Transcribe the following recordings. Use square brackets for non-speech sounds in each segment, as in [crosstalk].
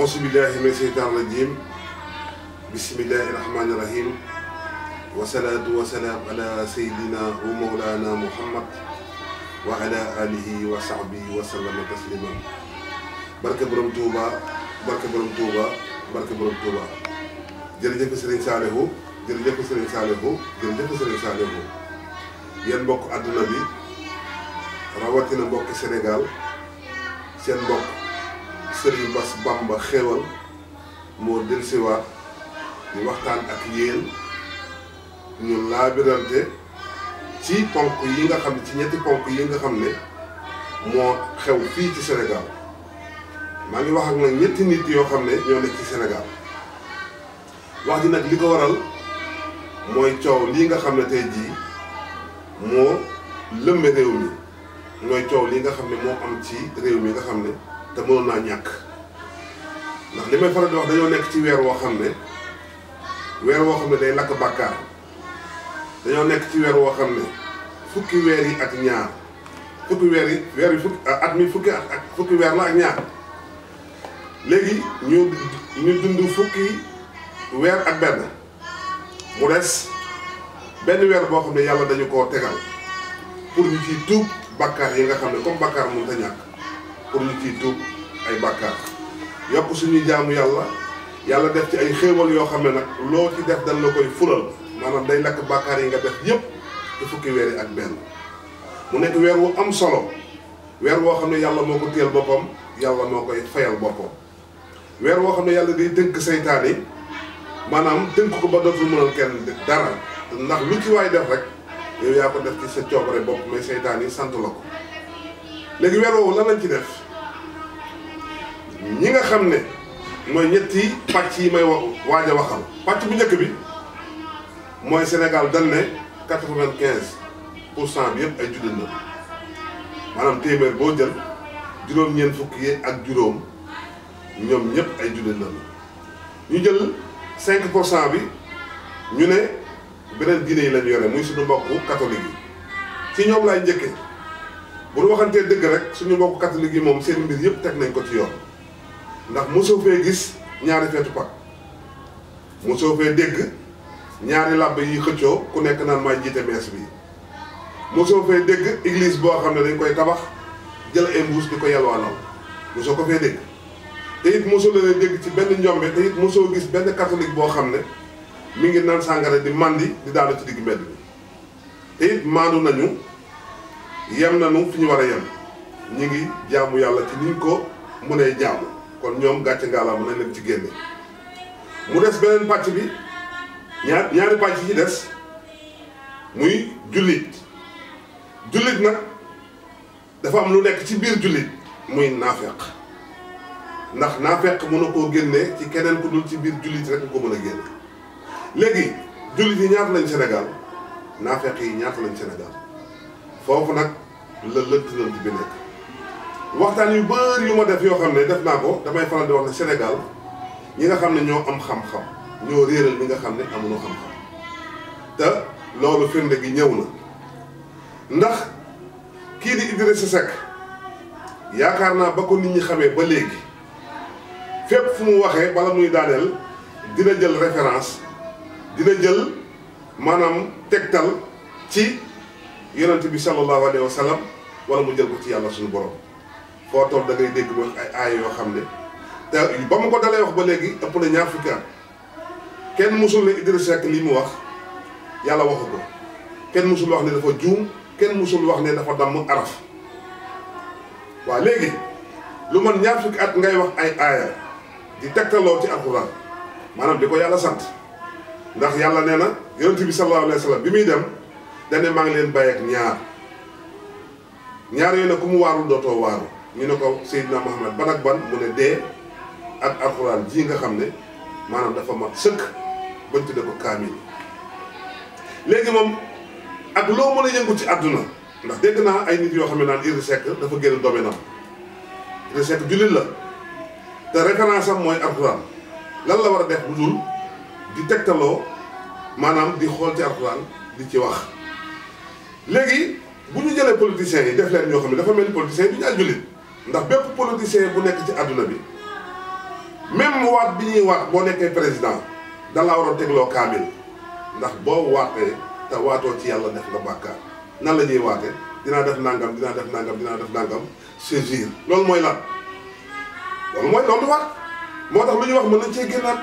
auzu billaahi mina seytaani rajiim bismillaahi rahmaani rahiim wasalaatu wasalaam ala seydina wa mawlaana muhammad wa ala alihi wa sahbihi wa sallama tasliman barke borom Touba barke borom Touba barke borom Touba jërëjëf Serigne Saliou jërëjëf Serigne Saliou jërëjëf Serigne Saliou yéen mbokk àdduna bi rawatina mbokk Sénégal seen mbokk Serigne Bass Bamba xéewal moo dellusiwaat ñu waxtaan ak yéen ñu ci ponk yi nga xam ne ci ñetti ponk yi nga xam ne moo xew fii ci senegal maa ngi wax ak nag ñetti nit yoo xam ne ñoo nekk ci senegal wax ji nag li ko waral mooy coow lii nga xam ne tey jii moo lëmbe réew mi mooy coow lii nga xam ne moo am ci réew mi nga xam ne te mënoon naa ñàkk ndax li may faral wax dañoo nekk ci weer woo xam ne weer woo xam ne day lakk bàkkaar dañoo nekk ci weer woo xam ne fukki weer yi ak ñaar fukki weer yi fukki at mi fukki ak fukki weer la ak ñaar léegi ñu ñu dund fukki weer ak benn mu des benn weer boo xam ne yàlla dañu koo tegal pour ñu ciy tuub bàkkaar yi nga xam ne comme bàkkaar mënut a ñàkk pour ñu ciy tuub ay bàkkaar yokk suñuy jaamu yàlla yàlla def ci ay xéewal yoo xam ne nag loo ci def dañ la koy fulal maanaam day lakk bàkkaar yi nga def yépp ci fukki weer yi ak benn mu nekk weer wu am solo weer woo xam ne yàlla moo ko téyel boppam yàlla moo koy fayal boppam weer woo xam ne yàlla day tënk seytaan yi maanaam tënk ko ba dootul mënal kenn dara ndax lu ci waay def rek yow yaa ko def ci sa coobare bopp mais seytaan yi sant la ko léegi weer lan lañ ci def ñi nga xam ne mooy ñetti pàcc yi may waaj a waxal pàcc bu njëkk bi mooy Sénégal dañ ne quatre-vingt-quinze pour cent bi yëpp ay jullit la maanaam téeméer boo jël juróom-ñeent fukk yi ak juróom ñoom ñëpp ay jullit la ñu jël cinq pour cent bi ñu ne beneen diine yi lañu yore muy suñu mbokku catholique yi ci ñoom laay njëkkee. bu ñu waxantee dëgg rek suñu mbokk catholique yi moom seen mbir yëpp teg nañ ko ci yoon ndax mosoo fee gis ñaari feetu Pâques mosoo fee dégg ñaari làbbe yi xëccoo ku nekk naan maay jiite mees bi mosoo fee dégg église boo xam ne dañ koy tabax jël ay di ko yalwaanal mosoo ko fee dégg te it mosoo leen dégg ci benn njombe te it mosoo gis benn catholique boo xam ne mu ngi naan sàngara di màndi di daanu ci digg mbedd bi te it nañu yem nañu fi ñu war a yem ñu ngi jaamu yàlla ci niñ ko mënee jàmm kon ñoom gàcce ngaalaam a leen ci génne mu des beneen pàcc bi ñaar ñaari pàcc yi ci des muy jullit jullit na dafa am lu nekk ci biir jullit muy naafeq ndax naafeq mën a ko génne ci keneen ku dul ci biir jullit rek nga ko mën a génne léegi jullit yi ñaata lañ Sénégal naafeq yi ñaata lañ Sénégal foofu nag la lënt-lënt bi nekk waxtaan yu bëri yu ma def yoo xam ne def naa ko damay faral di wax ne Sénégal ñi nga xam ne ñoo am xam-xam ñoo réeral ñi nga xam ne amuñu xam-xam te loolu firnde gi ñëw na ndax kii di Idrissa Seck yaakaar naa ba ko nit ñi xamee ba léegi fépp fu mu waxee bala muy daaneel dina jël référence dina jël maanaam tegtal ci yonent bi sallallahu alayhi wa sallam wala mu jël ko ci yàlla suñu borom foo toll da ngay dégg mooy ay aay yoo xam ne te ba mu ko dalee wax ba léegi ëpp na ñaar fukki at kenn mosul ne Idrissa Seck mu wax yàlla waxu ko kenn musul wax ne dafa juum kenn musul wax ne dafa damm araf waaw léegi lu man ñaar fukki at ngay wax ay aaya di tegtaloo ci alxuraan maanaam di ko yàlla sant ndax yàlla nee na yonent bi sallallahu alayhi wa bi muy dem. dane maa ngi leen bàyyi ak ñaar ñaar yooyu nag ku mu waarul dootoo waaru ñu ne ko Seydina Muhammad ban ak ban mu ne dee ak alxuraan jii nga xam ne maanaam dafa mat sëkk bañ tudde ko kaamil léegi moom ak loo mën a yëngu ci àdduna ndax dégg naa ay nit yoo xam ne naan Idrissa Seck dafa génn domaine am Idrissa Seck jullit la te référence am mooy alxuraan lan la war a def bu dul di tegtaloo maanaam di xool ci alxuraan di ci wax léegi bu ñu jëlee politiciens yi def leen ñoo xam ne dafa mel ni politiciens yi du ñu ay ndax bépp politicien bu nekk ci àdduna bi même waat bi ñuy wax boo nekkee président da laa war a tegloo kaamil ndax boo waatee te waatoo ci yàlla def nga bàkkaar nan la ñuy waatee dinaa def nangam dinaa def nangam dinaa def nangam saisir loolu mooy lan loolu mooy loolu waat moo tax lu ñuy wax mën nañ cee génnaat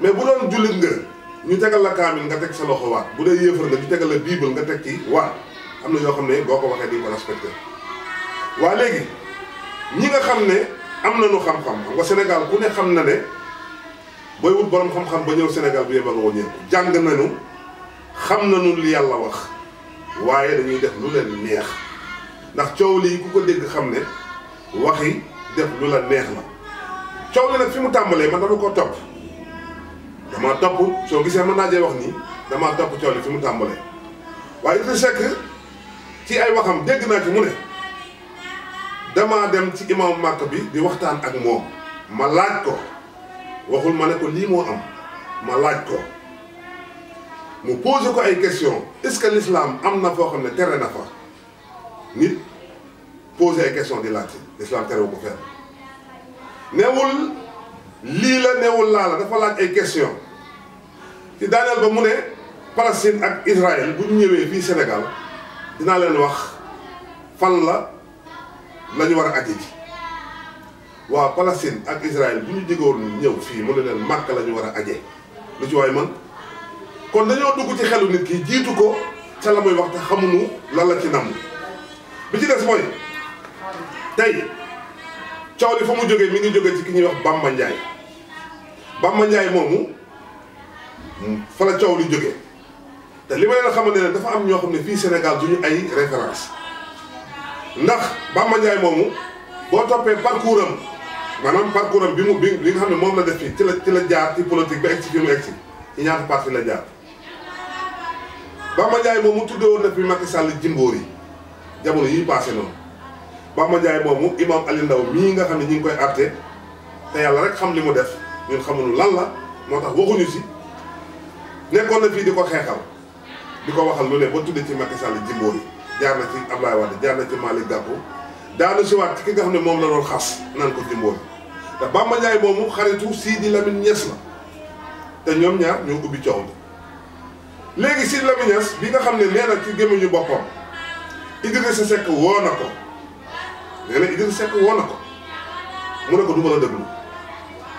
mais bu doon jullit nga. ñu tegal la kaamil nga teg sa loxo waat bu dee yéefar nga ñu tegal la bible nga teg ci waa am na yoo xam ne boo ko waxee di ko respecté waa léegi ñi nga xam ne am nañu xam-xam xam nga Sénégal ku ne xam na ne booy wut borom xam-xam ba ñëw Sénégal bu yebal woo ñëpp jàng nañu xam nañu li yàlla wax waaye dañuy def lu leen neex ndax coow lii ku ko dégg xam ne waxi def lu la neex la coow li nag fi mu tàmbalee man dama ko topp. dama topp soo gisee mën naa jee wax nii damaa topp coole fi mu tàmbalee waaye Idrissa Seck ci ay waxam dégg naa ci mu ne damaa dem ci imam màkk bi di waxtaan ak moom ma laaj ko waxul ma ne ko lii moo am ma laaj ko mu poose ko ay question est-ce que l'islam am na foo xam ne tere na fa nit posé ay question di laajte l'islam terewu ko fenn newul lii la newul laa la dafa laaj ay question ci daaneel ba mu ne Palestine ak Israël bu ñu ñëwee fii senegal dinaa leen wax fan la la war a aji ji waa Palestine ak Israël bu ñu diggoon ñëw fii mu ne leen màkk la ñu war a ajee lu ci waay man kon dañoo dugg ci xelu nit ki jiitu ko ca la muy wax te xamuñu lan la ci nam bi ci des mooy tey coow li fa mu jógee mi ngi jógee ci ki ñuy wax Bamba Ndiaye Bamba moomu Hmm. fa la coow lu jógee te li ma leen xamante ne dafa am ñoo xam ne fii Sénégal duñu ay référence ndax Bamba Ndiaye moomu boo toppee parcours am maanaam parcours bi mu bi li xam ne moom la def fii ci la ci la jaar ci politique ba egg si fi mu egg si ci ñaata parti la jaar. Bamba moomu tuddee woon na fi Macky Sall jimboor yi jamono yi passé noonu Bamba Ndiaye moomu imam Ali Ndaw mii nga xam ne ñu ngi koy àtte te yàlla rek xam li mu def ñun xamuñu lan la moo tax nekkoon na fii di ko xeexal di ko waxal lu ne ba tuddee ci Macky Sall jimbóor yi jaar na ci Ablaye Wade jaar na ci Malick Gakou daanu si waat ki nga xam ne moom la doon xas naan ko jimbóor te Bamba Ndiaye moomu xaritu Sidi Lamine Niass la te ñoom ñaar ñoo ubbi coow bi léegi Sidi Lamine Niass bi nga xam ne nee na ci gémmiñu boppam Idrissa Seck woo na a ko mu ne ko du ma a déglu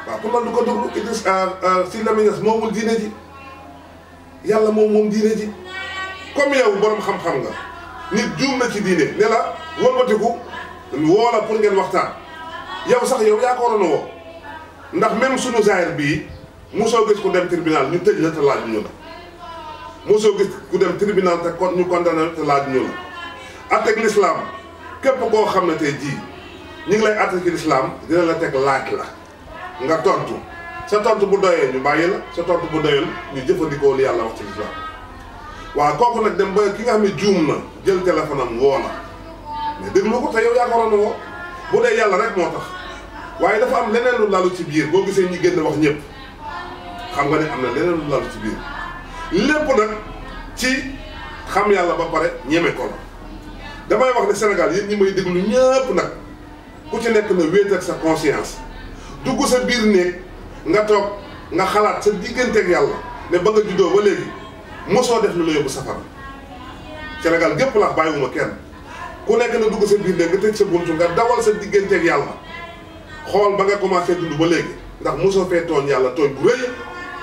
waaw pour lan du ko déglu Idrissa euh, euh, Sidi Lamine Niass moomul diine ji yàlla moom moom diine ji comme yow borom xam-xam nga nit juum na ci diine ne la wëlbatiku woo la pour ngeen waxtaan yow sax yow yaa ko waroon a woo ndax même sunu zaahir bii mosoo gis ku dem tribunal ñu tëj la te laaj ñu la mosoo gis ku dem tribunal te kon ñu condamné te laaj ñu la atteg l'islam képp koo xam ne tey jii ñu ngi lay atte ci l'islam dina la teg laaj la nga tontu sa tontu bu doyee ñu bàyyi la sa tontu bu doyul ñu jëfandikoo li yàlla wax ci islam waaw kooku nag dem ba ki nga xam ne juum na jël téléphone am woo la mais déglu ko te yow yaa ko woo bu dee yàlla rek moo tax waaye dafa am leneen lu lalu ci biir boo gisee ñi génn wax ñëpp xam nga ne am na leneen lu lalu ci biir lépp nag ci xam yàlla ba pare ñeme ko damay wax ne Sénégal yéen ñi may déglu ñëpp nag ku ci nekk na wéet ak sa conscience dugg sa biir néeg nga toog nga xalaat sa digganteeg yàlla ne ba nga juddoo ba léegi mosoo def lu la yóbbu safara Sénégal gépp laax bàyyiwuma kenn ku nekk na dugg sa biir ne nga tëj sa buntu nga dawal sa digganteeg yàlla xool ba nga commencé dund ba léegi ndax mosoo fee tooñ yàlla tooñ bu rëy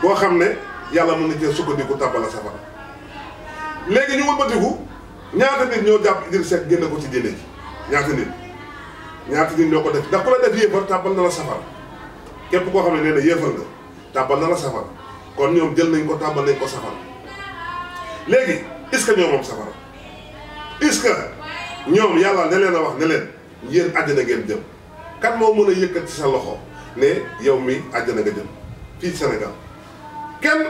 boo xam ne yàlla mën na cee sukkandiku tàbbala safara léegi ñu wëlbatiku ñaata nit ñoo jàpp set Seck génne ko ci diine ji ñaata nit ñaata nit ñoo ko def ndax ku la def yéefar tàbbal na képp koo xam ne nee na yéefal nga na la safara kon ñoom jël nañ ko tàbbal nañ ko safara léegi est-ce que ñoom moom safara est-ce que ñoom yàlla ne leen a wax ne leen yéen àddina ngeen jëm kan moo mën a yëkkati sa loxo ne yow mi àddina nga jëm fii Sénégal kenn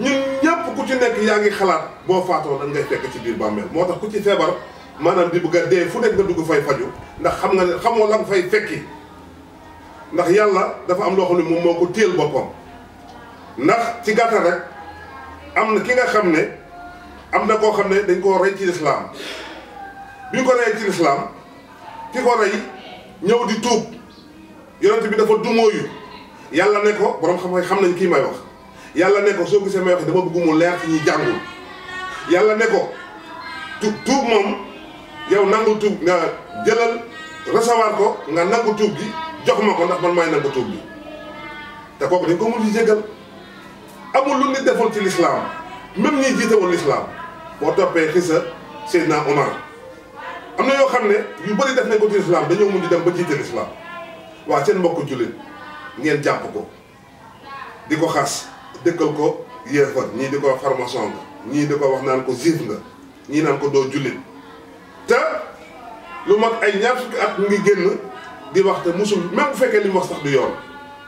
ñu ñëpp ku ci nekk yaa ngi xalaat boo faatoo dañ ngay fekk ci biir bàmmeel moo tax ku ci feebar maanaam di bëgg a dee fu nekk nga dugg fay faju ndax xam nga ne xamoo lan fay fekki ndax yàlla dafa am loo xam moom moo ko téel boppam ndax ci gàttal rek am na ki nga xam ne am na koo xam ne dañ koo rey ci lislaam bi ñu ko reyee ci lislaam ki ko rey ñëw di tuub yonent bi dafa dumóoyu yàlla ne ko borom xam xam nañ kii may wax yàlla ne ko soo gisee may wax dama bëgg mu leer yi ñuy jàngul yàlla ne ko tuub tuub moom yow nangu tuub nga jëlal recevoir ko nga nangu tuub gi jox ma ko ndax man may nangu tuub bi te kooku dañ ko mën di jégal amul lu nit defoon ci lislaam même ñi jiite lislaam boo toppee xisa Seydina Omar am na yoo xam ne yu bëri def nañ ko ci lislaam dañoo mun di dem ba jiite lislaam waa seen mbokk jullit ngeen jàpp ko di ko xas dëkkal ko yéefar ñii di ko wax farmason nga ñii di ko wax naan ko juif nga ñii naan ko doo jullit te lu mag ay ñaar fukki at mu ngi génn di wax te musul même bu fekkee li mu wax sax du yoon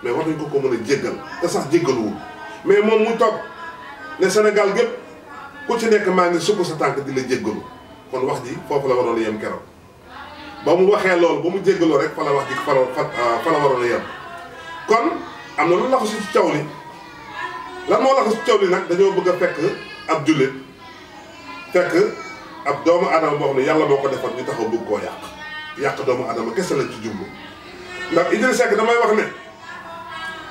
mais war nañ ko ko mën a jéggal te sax jéggaluwul mais moom mu toog ne Sénégal gépp ku ci nekk maa ngi sukk sa tànk di la jéggalu kon wax ji foofu la waroon a yem keroog mu waxee loolu ba mu jéggaloo rek fa wax ji fa ah, fa la waroon a kon am na lu laxu si caw li lan moo laxu si caw li nag dañoo bëgg a fekk ab jullit fekk ab doomu aadama boo xam ne yàlla moo ko defar ñu taxaw bëgg koo yàq yàq doomu adama kese nañ ci jublu ndax Idrissa Seck damay wax ne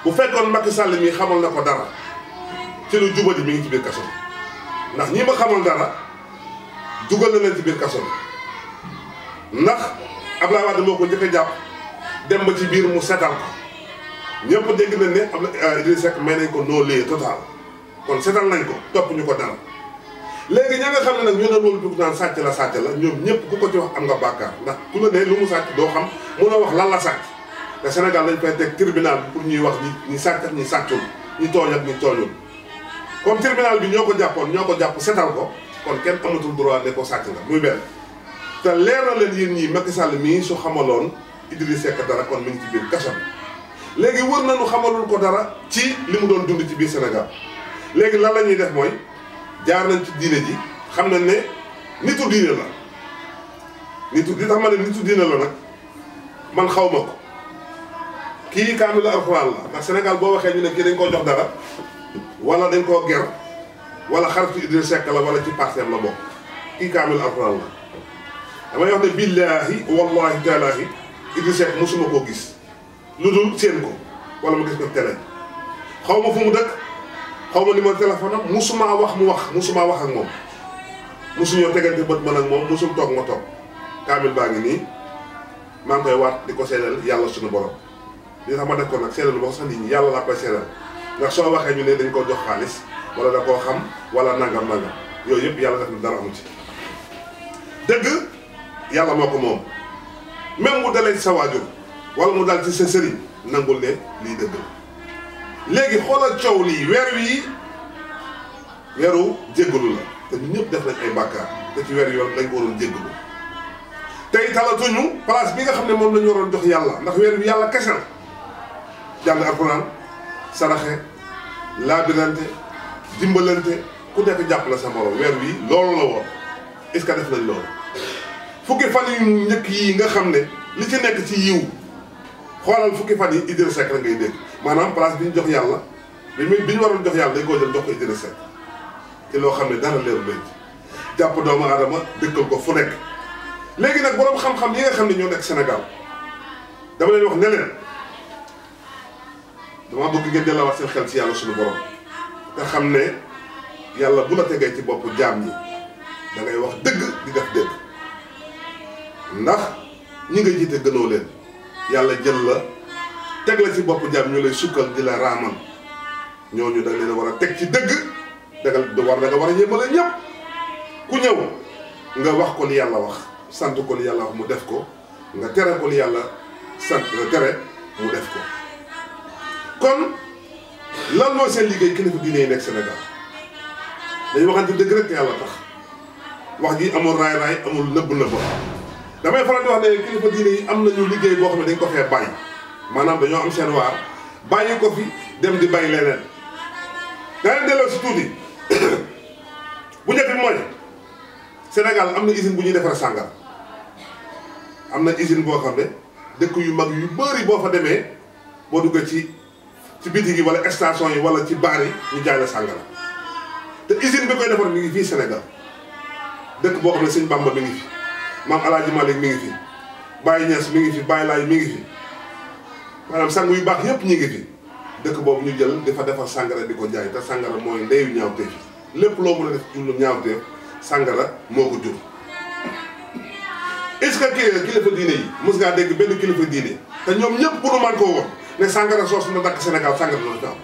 bu fekkoon Macky Sall mi xamal na ko dara ci lu jubadi mi ngi ci biir kaso ndax ñi ma xamal dara jugal na leen ci biir kaso ndax Abdoulaye Wade moo ko njëkk jàpp dem ba ci biir mu setal ko ñëpp dégg nañ ne am na euh, Idrissa Seck may nañ ko non lieu kon setal nañ ko topp ñu ko dara léegi ña nga xam ne nag ñu ne loolu dugg naan sàcc la sàcc la ñoom ñëpp ku ko ci wax am nga bàkkaar ndax ku la ne lu mu sàcc doo xam mun a wax lan la sàcc te Sénégal dañ koy teg tribunal bi pour ñuy wax ñi ñi sàcc ni ñi sàccul ñi tooñ ak ñi tooñul comme tribunal bi ñoo ko jàppoon ñoo ko jàpp setal ko kon kenn amatul droit ne ko sàcc la muy benn te leer na leen yéen ñii Macky Sall mii su xamaloon Idrissa Seck dara kon mi ngi ci biir kaso bi léegi wër nañu xamalul ko dara ci li mu doon dund ci biir Sénégal léegi lan la ñuy def jaar nañ ci diine ji xam nañ ne nitu diine la nitu di tax ma ne nitu diine la nag man xawma ma ko kii kaamil alxuraan la ndax Sénégal boo waxee ñu ne kii dañ koo jox dara wala dañ koo ger wala xaritu Idriss Seck la wala ci parteem la bokk kii kaamil alxuraan la damay wax ne billaahi wallaahi taalaahi Idriss Seck mosuma koo gis lu dul seen ko wala ma gis ko télé xaw ma fu mu dëkk xaw ma numéro téléphone am musuma wax mu wax musuma wax ak moom musuñoo tegante bët man ak moom musum toog ma toog kaamil baa ngi nii maa ngi koy waat di ko seedal yàlla suñu borom li tax ma def ko nag seedal ma ko sax nit yàlla laa koy seedal ndax soo ñu ne dañ ko jox xaalis wala koo xam wala nangam yooyu yëpp yàlla def na dara amu ci dëgg yàlla moo ko moom même mu dalee ci sa waajur wala mu dal ci sa sëriñ nangul ne lii dëgg léegi xoolal coow lii weer wii weeru jéggalu la te ñu ñëpp def nañ ay bàkkaar te ci weer yoon dañ ko waroon jéggalu tey talatuñu place bi nga xam ne moom lañu ñu waroon jox yàlla ndax weer bi yàlla kese la jàng alxuraan saraxe laabirante dimbalante ku nekk jàpp la sa morom weer wi loolu la woon est def nañ loolu fukki fan yu njëkk yi nga xam ne li ci nekk ci yiw xoolal fukki fan yi Idrissa Seck la ngay dégg maanaam place bi ñu jox yàlla bi muy bi ñu waroon jox yàlla dañ koo jël jox ko Idrissa Seck ci loo xam ne dara leeru leen ci jàpp doomu aadama dëkkal ko fu nekk léegi nag boroom xam-xam yi nga xam ne ñoo nekk Sénégal dama leen wax ne leen dama bëgg ngeen delluwaat seen xel ci yàlla suñu borom nga xam ne yàlla bu la tegee ci bopp jaam ñi da ngay wax dëgg di def dëgg ndax ñi nga jiite gënoo leen yàlla jël la teg la ci bopp jàmm ñu lay sukkal di la raamal ñooñu da leen a war a teg ci dëgg da war da nga war a yéemale ñëpp ku ñëw nga wax ko yàlla wax sant ko li yàlla wax mu def ko nga tere ko yàlla sant nga tere mu def ko kon lan mooy seen liggéey kilifa diine yi nekk Sénégal dañu waxante dëgg rek yàlla tax wax ji amul raay raay amul nëbb nëbb damay faral di wax ne kilifa diine yi am nañu liggéey boo xam ne dañ ko fee bàyyi maanaam dañoo am seen waar bàyyi ko fi dem di bay leneen daa delloo si tuuti [coughs] bu njëkk bi mooy Sénégal am na usine bu ñuy defar sàngara am na usine boo xam ne dëkk yu mag yu bëri boo fa demee boo duggee ci ci bitig yi wala station yi wala ci baar yi ñu jaay la sàngara te usine bi koy defar mi ngi fii senegal dëkk boo xam ne sëñ Bamba mi ngi fi maam El Hadj mi ngi fi Baye Niass mi ngi fi Baye Laye mi ngi fi. maanaam sang yu baax yépp ñu ngi fi dëkk boobu ñu jël dafa defar sàngara di ko jaay te sàngara mooy ndeyu ñaawteef lépp loo a def jullu ñaawteef sàngara moo est-ce que ki kilifa diine dégg benn kilifa diine te ñoom ñëpp pour man koo wax ne sàngara soos na dakk Sénégal sàngara loolu fi am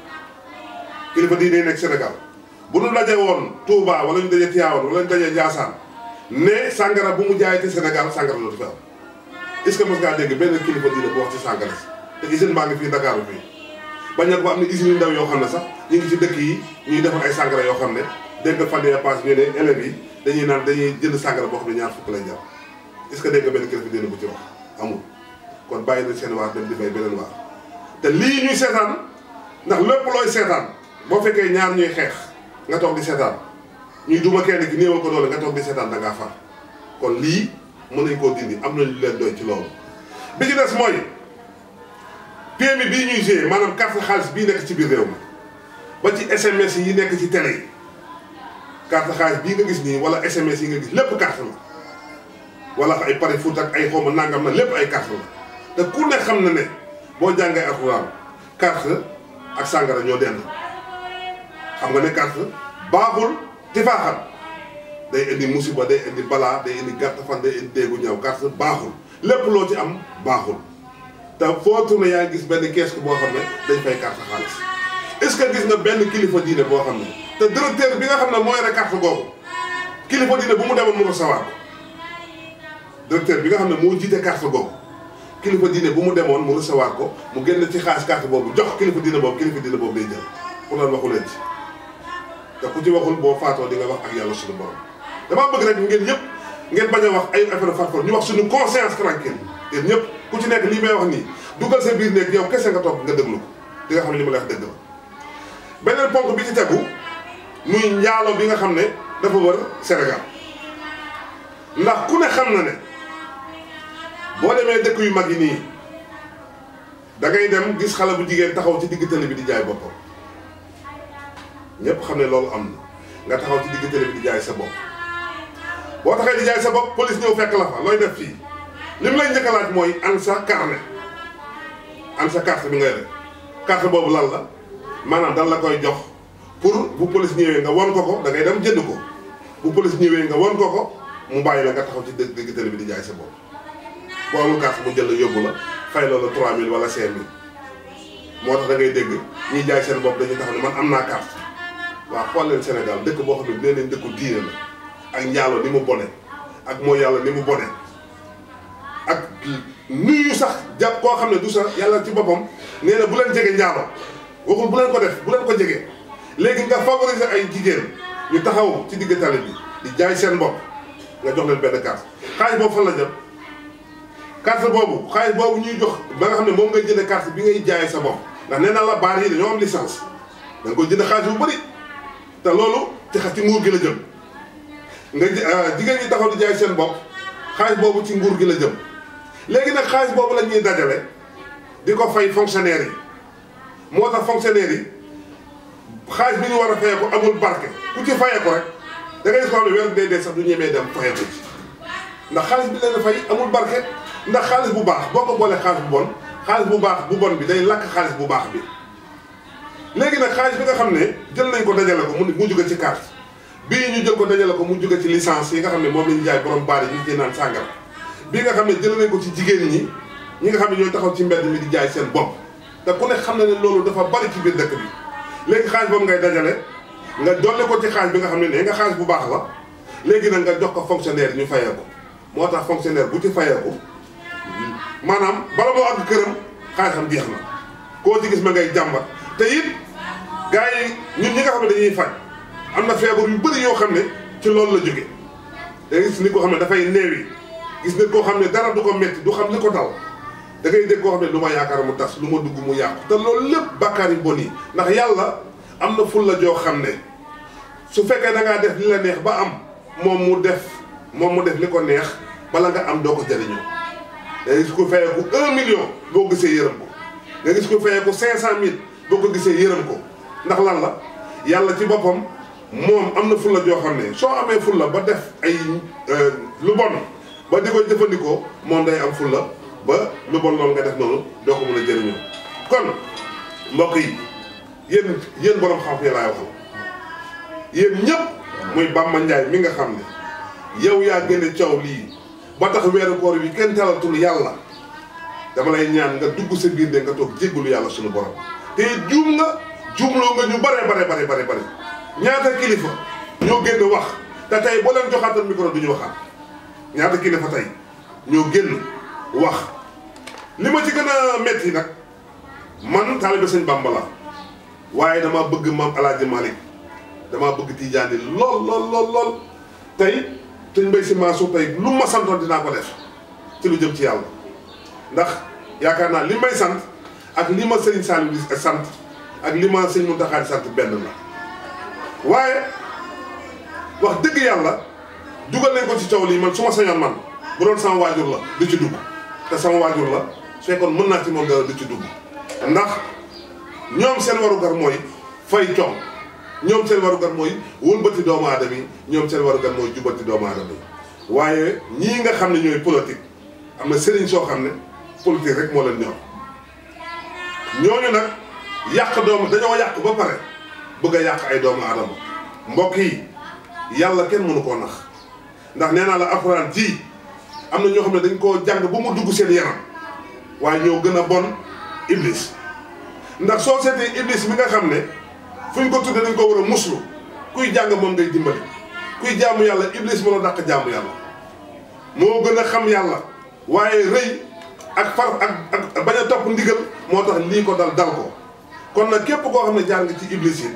kilifa bu ñu daje woon Touba wala ñu daje Tivaouane wala ñu daje Ndiassane ne sàngara bu mu jaayee ci Sénégal sàngara loolu fi am est ngaa dégg benn kilifa diine bu ci sàngara si te usine baa ngi fii Dakar fii bañ nag ba am na usine yu ndaw yoo xam ne sax ñu ngi ci dëkk yi ñuy defar ay sangara yoo xam ne dégg nga fan yii pass ñu ne élèves yi dañuy naan dañuy jënd sangara boo xam ne ñaar fukk lay jar est-ce que dégg nga benn kilifa dina ko ci wax amul kon bàyyi na seen waar dem di fay beneen waar te lii ñuy seetaan ndax lépp looy seetaan boo fekkee ñaar ñuy xeex nga toog di seetaan ñuy duma kenn gi néewal ko doole nga toog di seetaan da far kon lii mën nañ koo dindi am nañ lu leen doy ci loolu bi ci des mooy PMI bii ñuy gérer maanaam carte xaalis bii nekk ci biir réew mi ba ci SMS yi nekk ci télé yi carte xaalis bii nga gis nii wala SMS yi nga gis lépp carte la wala ay pare foot ak ay xawma nangam na lépp ay carte la te ku ne xam na ne boo jàngee alxuraan carte ak sàngara ñoo dend xam nga ne carte baaxul ti day indi musiba day indi balaa day indi gàtt fan day indi déegu ñaaw carte baaxul lépp loo ci am baaxul te foo tourné yaa gis benn kees boo xam ne dañ fay carte xaalis est-ce que gis nga benn kilifa diine boo xam ne te directeur bi nga xam ne moo yore carte googu kilifa diine bu mu demoon mu recevoir ko directeur xam ne moo jiite carte googu kilifa diine bu mu demoon mu recevoir ko mu génn ci xaalis carte boobu jox kilifa diine boobu kilifa diine boobu day jël pour lan waxu leen ci te ku ci waxul boo faatoo di nga wax ak yàlla suñu borom damaa bëgg rek ngeen ñëpp ngeen bañ a wax ay affaire farfar ñu wax suñu conscience tranquille yéen ñëpp ku ci nekk lii may wax nii dugal sa biir néeg yow kese nga toog nga déglu ko di nga xam ne li ma lay wax dëgg la beneen ponk bi ci tegu muy njaaloo bi nga xam ne dafa wër Sénégal ndax ku ne xam na ne boo demee dëkk yu mag yi nii da dem gis xale bu jigéen taxaw ci digg télé bi di jaay boppam ñëpp xam ne loolu am na nga taxaw ci digg télé bi di jaay sa bopp boo taxee di jaay sa bopp police ñëw fekk la fa looy def fii. li mu lay njëkk a laaj mooy an sa carnet an sa carte bi nga yore carte boobu lan la maanaam dan la koy jox pour bu police ñëwee nga won ko ko da ngay dem jënd ko bu police ñëwee nga won ko ko mu bàyyi la nga taxaw ci dëgg télé bi di jaay sa bopp boo amul carte bu jël yóbbu la fay loola 3000 wala 5000 moo tax da ngay dégg ñiy jaay seen bopp dañuy taxaw ne man am naa carte waaw xool leen Sénégal dëkk boo xam ne nee nañ dëkku diine la ak njaaloo ni mu bone ak mooy yàlla ni mu bone ak yu sax jàpp koo xam ne du sax yàlla ci boppam nee na bu leen jege njaalo waxul bu leen ko def bu leen ko jege léegi nga favoriser ay jigéen ñu taxaw ci digg tali bi di jaay seen bopp nga jox leen benn carte xaalis boobu fan la jëm carte boobu xaalis boobu ñuy jox ba nga xam ne moom ngay jënd carte bi ngay jaay sa bopp ndax nee na la baar yi dañoo am licence da nga koy jënd xaalis bu bëri te loolu ci xa ci nguur gi la jëm nga euh, jigéen ñi taxaw di jaay seen bopp xaalis boobu ci nguur gi la jëm léegi nag xaalis boobu la ñuy dajale di ko fay fonctionnaire yi moo tax fonctionnaire yi xaalis bi ñu war a fayee ko amul barke ku ci fayee ko rek da ngay xool weer day dee sax du ñemee dem fayee ko ci ndax xaalis bi leen fay amul barke ndax xaalis bu baax boo ko boolee xaalis bu bon xaalis bu baax bu bon bi day lakk xaalis bu baax bi léegi nag xaalis bi nga xam ne jël nañ ko dajale ko mu mu ci carte bii ñu jël ko dajale ko mu jóge ci licence yi nga xam ne moom la ñu jaay borom baar yi bii nga xam ne jël nañ ko ci jigéen ñi ñi nga xam ne ñooy taxaw ci mbedd mi di jaay seen bopp te ku ne xam na ne loolu dafa bari ci biir dëkk bi léegi xaalis boobu ngay dajale nga dolli ko ci xaalis bi nga xam ne ne nga xaalis bu baax la léegi nag nga jox ko fonctionnaire ñu fayee ko moo tax fonctionnaire bu ci fayee ko maanaam bala moo àgg këram xaalisam jeex na koo ci gis ma ngay jàmbat te it gars yi ñun ñi nga xam ne dañuy faj am na feebar yu bëri yoo xam ne ci loolu la jóge da gis ni ko xam ne dafay neewi gis nga koo xam ne dara du ko métti du xam li ko dal da ngay dégg koo xam ne lu ma yaakaar mu tas lu ma dugg mu yàqu te loolu lépp bàkkaar yi bon yi ndax yàlla am na ful la joo xam ne su fekkee da ngaa def li la neex ba am moom mu def moom mu def li ko neex bala nga am doo ko jëriñoo nga gis ko fayee ko un boo gisee yërëm ko nga gis ko fayee ko cinq cent mille boo ko gisee yërëm ko ndax lan la yàlla ci boppam moom am na ful la joo xam ne soo amee ful la ba def ay euh, lu bon ba di ko jëfandikoo moom day am fulla ba lu bon loolu nga def noonu doo ko mën a jëriñoo kon mbokk yi yéen yéen borom xam yi laay waxal yéen ñëpp muy Bamba Ndiaye mi nga xam ne yow yaa génne coow lii ba tax weeru koor wi kenn talatul yàlla dama lay ñaan nga dugg sa biir de nga toog jéggalu yàlla suñu borom te juum nga juumloo nga ñu bare bare bare bare bare ñaata kilifa ñoo génn wax te tey boo leen joxaatal micro du ñu waxaat ñaata kilifa tey ñoo génn wax li ma ci gën a metti nag man taalibe sëñ Bàmba la waaye dama bëgg maam Alaaji Malick dama bëgg Tijaani lool lool lool lool tey sëñ Mbay Si Mansuur tey lu ma santoon dinaa ko def ci lu jëm ci yàlla ndax yaakaar naa li may sant ak li ma sëñ Saliou sant ak li ma sëñ Muntaxa di sant benn la waaye wax dëgg yàlla dugal nañ ko ci taw lii man su ma sañoon man bu doon sama waajur la du ci dugg te sama waajur la su kon mën naa ci moom dara du ci dugg ndax ñoom seen warugar mooy fay coow ñoom seen warugar mooy wëlbati doomu aadama yi ñoom seen warugar mooy jubati doomu aadama yi waaye ñii nga xam ne ñooy politique am na sëriñ soo xam ne politique rek moo leen ñor ñooñu nag yàq doom dañoo yàq ba pare bëgg a yàq ay doomu aadama mbokk yi yàlla kenn mënu koo nax ndax nee naa la alxuraan ji am na ñoo xam ne dañ koo jàng ba mu dugg seen yaram waaye ñoo gën a bon iblis ndax soo seetee iblis bi nga xam ne fu ñu ko tuddee dañ ko war a muslu kuy jàng moom ngay dimbali kuy jàmm yàlla iblis mënoo daq jaamu yàlla moo gën a xam yàlla waaye rëy ak far ak ak bañ a topp ndigal moo tax lii ko dal dal ko kon na képp koo xam ne jàng ci iblis yi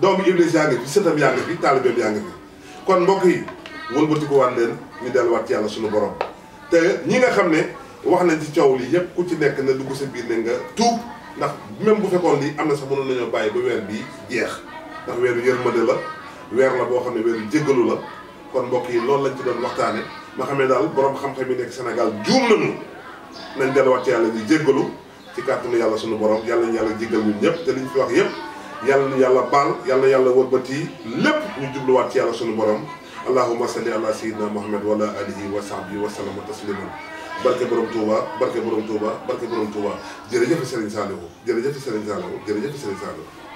doomu iblis yaa ngi fi sëtam yaa ngi taalibeem yaa ngi kon mbokk yi wëlbatikuwaat leen ñu delluwaat ci yàlla suñu borom te ñi nga xam ne wax nañ ci coow li yëpp ku ci nekk na dugg sa biir ne nga tuub ndax même bu fekkoon lii am na sax mënoon nañoo bàyyi ba weer bii jeex ndax weeru yërmande la weer la boo xam ne weeru jéggalu la kon mbokk yi loolu lañ ci doon waxtaane xam ne daal borom xam-xam yi nekk Sénégal juum nañu nañ delluwaat ci yàlla di jéggalu ci kàttanu yàlla suñu borom yàlla ñu yàlla jéggal ñun ñëpp te liñ fi wax yëpp yàlla ñu yàlla baal yàlla yàlla wërbati lépp ñu jubluwaat ci yàlla suñu borom allahuma salli ala sayyidina muhammad wa ala alihi wa sahbihi wa sallama tasliman barke borom Touba barke borom Touba barke borom Touba jërëjëf Serigne Saliou jërëjëf Serigne Saliou jërëjëf Serigne Saliou